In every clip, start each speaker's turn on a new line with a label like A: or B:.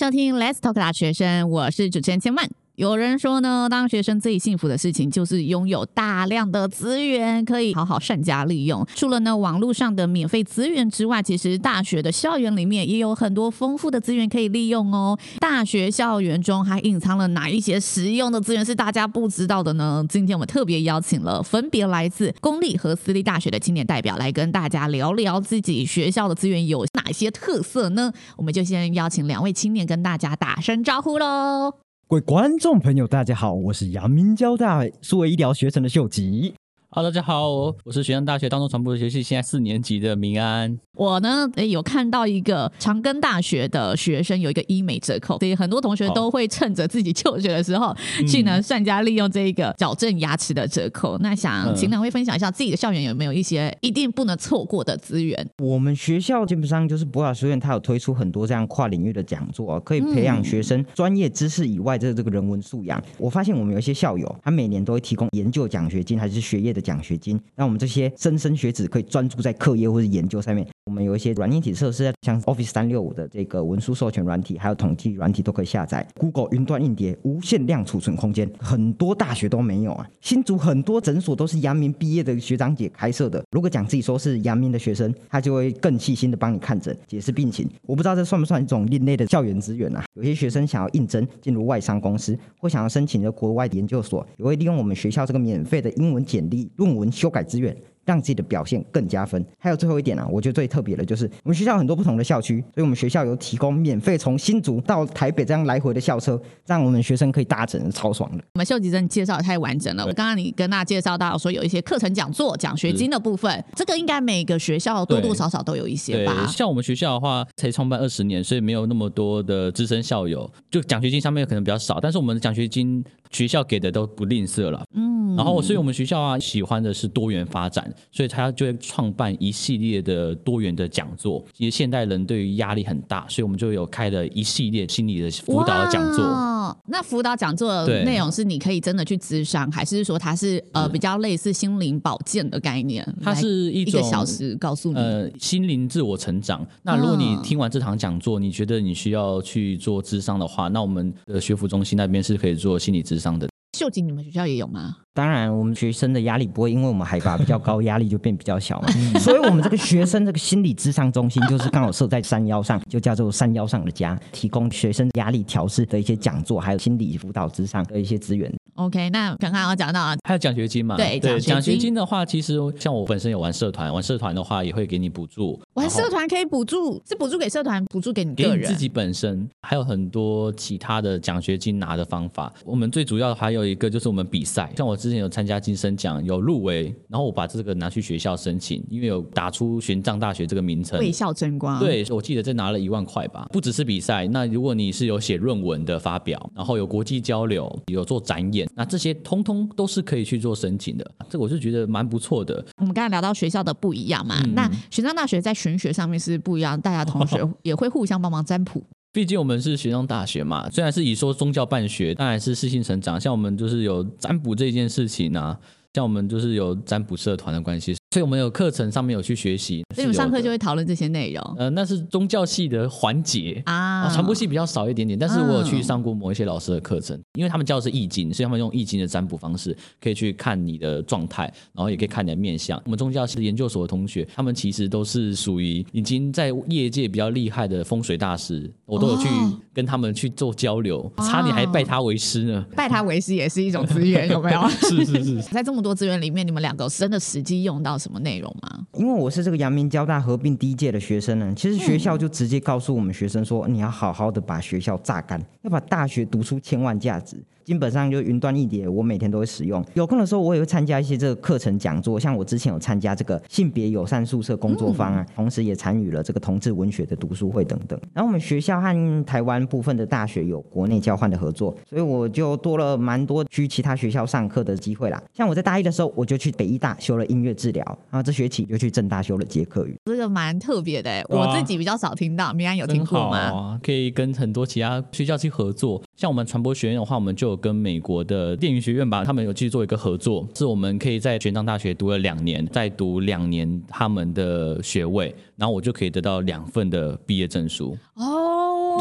A: 收聽《Let's Talk 大學生》，我是主持人千萬。有人說呢，當學生最幸福的事情就是擁有大量的資源，可以好好善加利用。除了呢網絡上的免費資源之外，其實大學的校園裡面也有很多豐富的資源可以利用哦。大學校園中還隱藏了哪一些實用的資源是大家不知道的呢？今天我們特別邀請了分別來自公立和私立大學的青年代表來跟大家聊聊自己學校的資源有哪些特色呢？我們就先邀請兩位青年跟大家打聲招呼嘍。
B: 各位觀眾朋友，大家好，我是
A: 陽明交大數位醫療學
C: 程的秀吉。好、啊，大家好，我是玄奘大學大眾傳播學系現在四年級的明安。
A: 我呢、欸，有看到一個長庚大學的學生有一個醫美折扣，所以很多同學都會趁着自己就學的時候去呢善好加利用這一個矯正牙齒的折扣。嗯、那想請兩位分享一下自己的校園有沒有一些一定不能錯過的資源？
B: 我們學校基本上就是博雅書院，它有推出很多這樣跨領域的講座，哦，可以培養學生專業知識以外的這個人文素養。嗯、我發現我們有一些校友，他每年都會提供研究獎學金還是學業的。獎學金，讓我們這些莘莘學子可以專注在課業或是研究上面。我們有一些軟硬體設施，像 Office 三六五的這個文書授權軟體，還有統計軟體都可以下載。Google 雲端硬碟無限量儲存空間，很多大學都沒有啊。新竹很多診所都是陽明畢業的學長姐開設的，如果講自己說是陽明的學生，他就會更細心的幫你看診、解釋病情。我不知道這算不算一種另類的校園資源啊。有些學生想要應徵進入外商公司，或想要申請的國外研究所，也會利用我們學校這個免費的英文簡歷、論文修改資源，讓自己的表現更加分。還有最後一點啊，我覺得最特別的就是我們學校有很多不同的校區，所以我們學校有提供免費從新竹到台北這樣來回的校車，讓我們學生可以搭乘，超爽的。
A: 我們秀吉真介紹的太完整了。我剛剛你跟大家介紹到說有一些課程講座、獎學金的部分，是這個應該每個學校多多少少都有一些吧。
C: 像我們學校的話，才創辦二十年，所以沒有那麼多的資深校友，就獎學金上面可能比較少，但是我們的獎學金學校給的都不吝嗇了。嗯。然後，所以我們學校啊，喜歡的是多元發展，所以他就會創辦一系列的多元的講座。因為現代人對於壓力很大，所以我們就有開了一系列心理的輔導的講座哇講
A: 座。哦，那輔導講座的內容是你可以真的去諮商，對還是說它是呃、嗯、比較類似心靈保健的概念？它是一種一個小時告
C: 訴你呃心靈自我成長。那如果你聽完這堂講座，哦、你覺得你需要去做諮商的話，那我們的學輔中心那邊是可以做心理諮商的。
A: 秀吉你們學校也有嗎？
B: 當然，我們學生的壓力不會因為我們海拔比較高，壓力就變比較小嘛、嗯。 所以，我們這個學生這個心理諮商中心就是剛好設在山腰上，就叫做山腰上的家，提供學生壓力調試的一些講座，還有心理輔導之上的一些資源。
A: OK，那剛剛我講到啊，還有獎學金嘛？對，獎獎學，學，學金
C: 的話，其實像我本身有玩社團，玩社團的話也會給你補助。玩社
A: 團可以補助，後是補助給社團，補助給你個人你自己
C: 本身，還有很多其他的獎學金拿的方法。我們最主要的還有一個就是我們比賽，像我。之前有參加金聲獎，有入圍，然後我把這個拿去學校申請，因為有打出玄奘大學這個名稱，為校
A: 爭光。對，
C: 我記得這拿了一萬塊吧，不只是比賽。那如果你是有寫論文的發表，然後有國際交流，有做展演，那這些通通都是可以去做申請的。這個我是覺得蠻不錯的。
A: 我們剛才聊到學校的不一樣嘛，嗯嗯，那玄奘大學在玄學上面是不一樣，大家同學也會互相幫忙占卜。哦。
C: 畢竟我們是玄奘大學嘛，雖然是以說宗教辦學，但還是適性成長。像我們就是有占卜這件事情啊，像我們就是有占卜社團的關係。所以我們有課程上面有去學習，所以我們上課
A: 就會討論這些內容。
C: 呃，那是宗教系的環節啊，oh. 傳播系比較少一點點。但是我有去上過某一些老師的課程，oh. 因為他們教的是易經，所以他們用易經的占卜方式可以去看你的狀態，然後也可以看你的面相。我們宗教系研究所的同學，他們其實都是屬於已經在業界比較厲害的風水大師，我都有去。Oh. 跟他們去做交流，差點還拜他為師呢。哦，
A: 拜他為師也是一種資源， 有沒有？是是是。在這麼多資源裡面，你們兩個真的實際用到什麼內容嗎？
B: 因為我是這個陽明交大合併第一屆的學生呢，其實學校就直接告訴我們學生說，你要好好的把學校榨乾，要把大學讀出千萬價值。基本上就雲端硬碟。我每天都會使用。有空的時候，我也會參加一些這個課程講座，像我之前有參加這個性別友善宿舍工作方案，啊，嗯、同時也參與了這個同志文學的讀書會等等。然後我們學校和台灣。部分的大學有國內交換的合作，所以我就多了蠻多去其他學校上課的機會啦。像我在大一的時候，我就去北醫大修了音樂治療，然後這學期就去政大修了捷克語，
A: 這個蠻特別的、欸。啊、我自己比較少聽到，明安有聽過嗎？好、
C: 啊？可以跟很多其他學校去合作。像我們傳播學院的話，我們就有跟美國的電影學院吧，他們有去做一個合作，是我們可以在玄奘大學讀了兩年，再讀兩年他們的學位，然後我就可以得到兩份的畢業證書。
A: 哦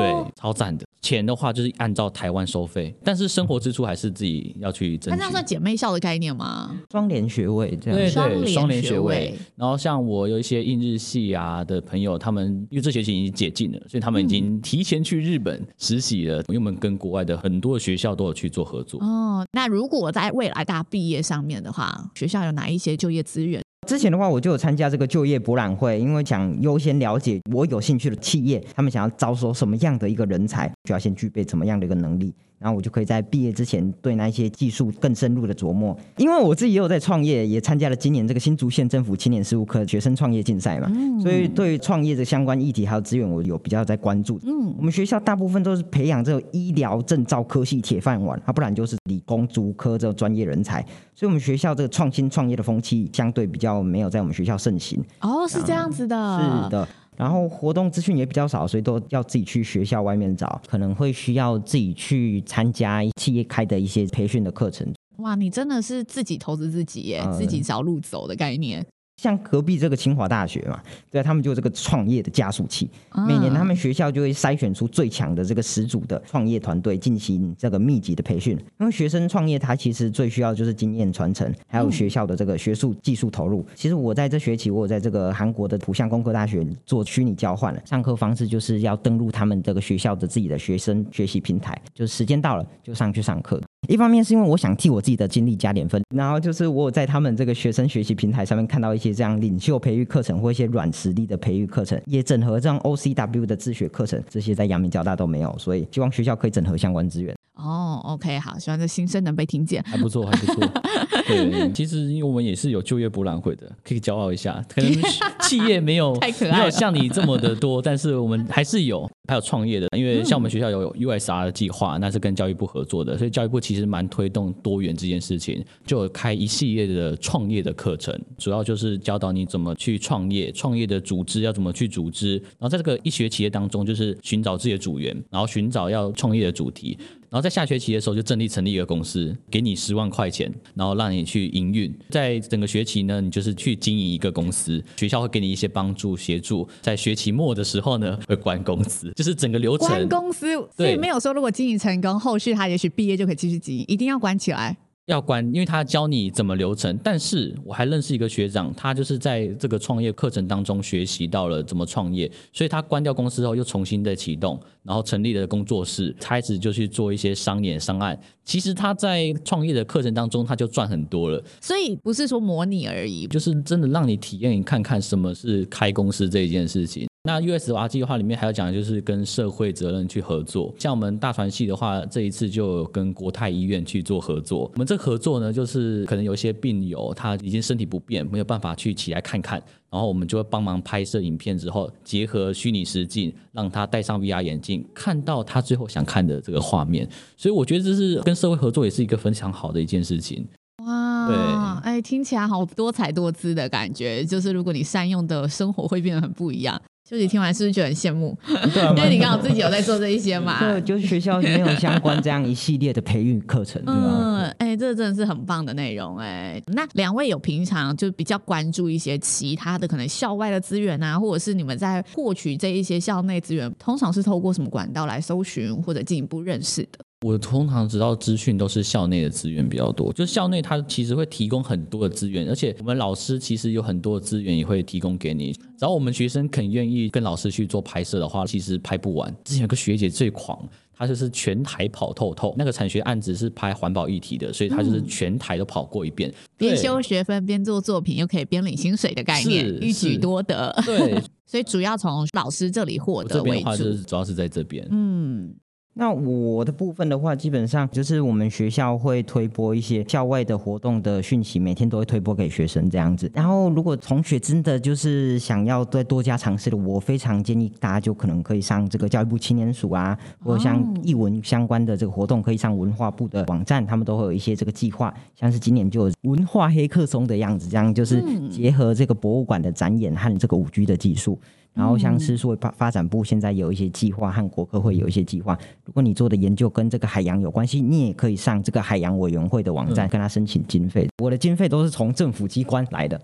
A: 對，
C: 超贊的。錢的話就是按照台灣收費，但是生活支出還是自己要去掙。那這樣算
A: 姐妹校的概念嗎？
C: 雙聯學位這樣子。對，雙聯學位。然後像我有一些應日系啊的朋友，他們因為這學期已經解禁了，所以他們已經提前去日本實習了。因為、嗯、我們跟國外的很多學校都有去做合作。哦，
A: 那如果在未來大家畢業上面的話，學校有哪一些就業資源？之前
C: 的話，我就有參加
B: 這個就業博覽會，因為想優先了解我有興趣的企業，他們想要招收什麼樣的一個人才。需要先具備怎麼樣的一個能力，然後我就可以在畢業之前對那些技術更深入的琢磨。因為我自己也有在創業，也參加了今年這個新竹縣政府青年事務科學生創業競賽嘛，嗯、所以對於創業的相關議題還有資源，我有比較在關注。嗯，我們學校大部分都是培養這種醫療、證照科系鐵飯碗、啊，不然就是理工、竹科這種專業人才。所以，我們學校這個創新創業的風氣相對比較沒有在我們學校盛行。
A: 哦，是這樣子的，嗯、是的。
B: 然後活動資訊也比較少，所以都要自己去學校外面找，可能會需要自己去參加企業開的一些培訓的課程。
A: 哇，你真的是自己投資自己耶，嗯，自己找路走的概念。像隔
B: 壁這個清華大學嘛，對、啊、他們就這個創業的加速器，哦、每年他們學校就會篩選出最強的這個十組的創業團隊進行這個密集的培訓。因為學生創業，他其實最需要就是經驗傳承，還有學校的這個學術技術投入。嗯、其實我在這學期，我有在這個韓國的浦項工科大學做虛擬交換，上課方式就是要登錄他們這個學校的自己的學生學習平台，就是時間到了就上去上課。一方面是因為我想替我自己的經歷加點分，然後就是我有在他們這個學生學習平台上面看到一些這樣領袖培育課程或一些軟實力的培育課程，也整合這樣 OCW 的自學課程，這些在陽明交大都沒有，所以希望學校可以整合相關資源。
A: 哦，OK，好，希望這心聲能被聽見，還不
C: 錯，還不錯。 對，其實因為我們也是有就業博覽會的，可以驕傲一下，可能企業沒有 沒有像你這麼的多，但是我們還是有。還有創業的，因為像我們學校有有 USR 的計劃，那是跟教育部合作的，所以教育部其實蠻推動多元這件事情，就開一系列的創業的課程，主要就是教導你怎麼去創業，創業的組織要怎麼去組織，然後在這個醫學企業當中，就是尋找自己的組員，然後尋找要創業的主題。然後在下學期的時候就正式成立一個公司，給你十萬塊錢，然後讓你去營運。在整個學期呢，你就是去經營一個公司，學校會給你一些幫助協助。在學期末的時候呢，會關公司，就是整個流程。關公
A: 司，對。所以沒有說如果經營成功，後續他也許畢業就可以繼續經營，一定要關起來。
C: 要關，因為他教你怎麼流程。但是我還認識一個學長，他就是在這個創業課程當中學習到了怎麼創業，所以他關掉公司後又重新的啟動，然後成立了工作室，開始就去做一些商演、商案。其實他在創業的課程當中，他就賺很多了。
A: 所以不是說模擬而已，就是真的讓你體驗你看
C: 看什麼是開公司這件事情。那 USR 計畫的話，裡面還要講的就是跟社會責任去合作。像我們大傳系的話，這一次就跟國泰醫院去做合作。我們這合作呢，就是可能有些病友他已經身體不便，沒有辦法去起來看看，然後我們就會幫忙拍攝影片，之後結合虛擬實境，讓他戴上 V R 眼鏡，看到他最後想看的這個畫面。所以我覺得這是跟社會合作，也是一個非常好的一件事情。
A: 哇，對，哎、欸，聽起來好多彩多姿的感覺，就是如果你善用的，生活會變得很不一樣。秀吉聽完是不是覺得很羨慕？因為、啊、 你剛好自己有在做這一些嘛。 對，就是學校沒有相關這
B: 樣一系列的培育課程。嗯，
A: 哎、欸，這真的是很棒的內容哎、欸。那兩位有平常就比較關注一些其他的可能校外的資源啊，或者是你們在獲取這一些校內資源，通常是透過什麼管道來搜尋或者進一步認識的？
C: 我通常知道資訊都是校內的資源比較多，就校內它其實會提供很多的資源，而且我們老師其實有很多的資源也會提供給你。只要我們學生肯願意跟老師去做拍攝的話，其實拍不完。之前有個學姐最狂，她就是全台跑透透。那個產學案子是拍環保議題的，所以她就是全台都跑過一遍，嗯、對邊修
A: 學分邊做作品，又可以邊領薪水的概念，是一舉多得。對， 所以主要從老師這裡獲得為主。是
C: 主要是在這邊，
A: 嗯。
B: 那我的部分的話，基本上就是我們學校會推播一些校外的活動的訊息，每天都會推播給學生這樣子。然後，如果同學真的就是想要再多加嘗試的，我非常建議大家就可能可以上這個教育部青年署啊，或者像藝文相關的這個活動，可以上文化部的網站，他們都會有一些這個計劃，像是今年就有文化黑客松的樣子，這樣就是結合這個博物館的展演和這個五 G 的技術。然後像是說，發展部現在有一些計劃、嗯、和國科會有一些計劃。如果你做的研究跟這個海洋有關係，你也可以上這個海洋委員會的網站、嗯、跟他申請經費。我的經費都是從政府機關來的。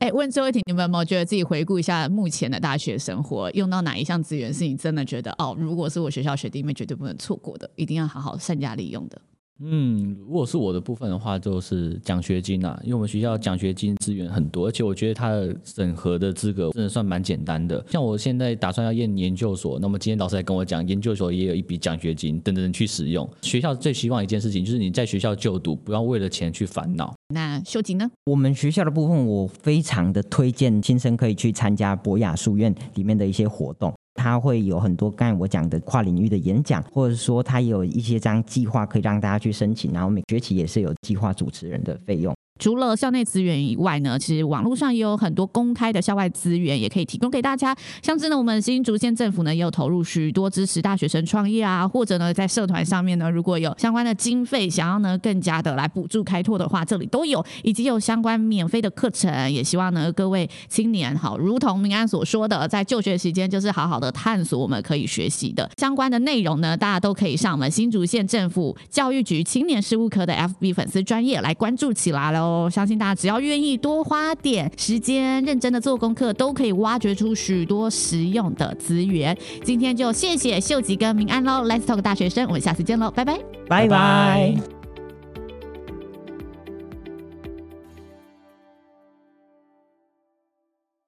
A: 哎，問最後一題，你們有沒有覺得自己回顧一下目前的大學生活，用到哪一項資源是你真的覺得哦，如果是我學校學弟妹絕對不能錯過的，一定要好好善加利用的。
C: 嗯，如果是我的部分的話，就是獎學金啦、啊。因為我們學校獎學金資源很多，而且我覺得它的審核的資格真的算蠻簡單的。像我現在打算要念研究所，那麼今天老師還跟我講，研究所也有一筆獎學金等等去使用。學校最希望一件事情就是你在學校就讀，不要為了錢去煩惱。
A: 那秀吉呢？
B: 我們學校的部分，我非常的推薦新生可以去參加博雅書院裡面的一些活動。他會有很多剛才我講的跨領域的演講，或者說他有一些這樣計劃可以讓大家去申請，然後每學期也是有計劃主持人的費用。
A: 除了校內資源以外呢，其實網絡上也有很多公開的校外資源，也可以提供給大家。像是呢，我們新竹縣政府呢也有投入許多支持大學生創業啊，或者呢在社團上面呢，如果有相關的經費想要呢更加的來補助開拓的話，這裡都有，以及有相關免費的課程。也希望呢各位青年好，如同明安所說的，在就學時間就是好好的探索我們可以學習的相關的內容呢，大家都可以上我們新竹縣政府教育局青年事務科的 FB 粉絲專頁來關注起來嘍。我相信大家只要願意多花點時間，認真的做功課，都可以挖掘出許多實用的資源。今天就謝謝秀吉跟明安嘍，Let's talk 大學生，我們下次見嘍，拜拜，拜拜。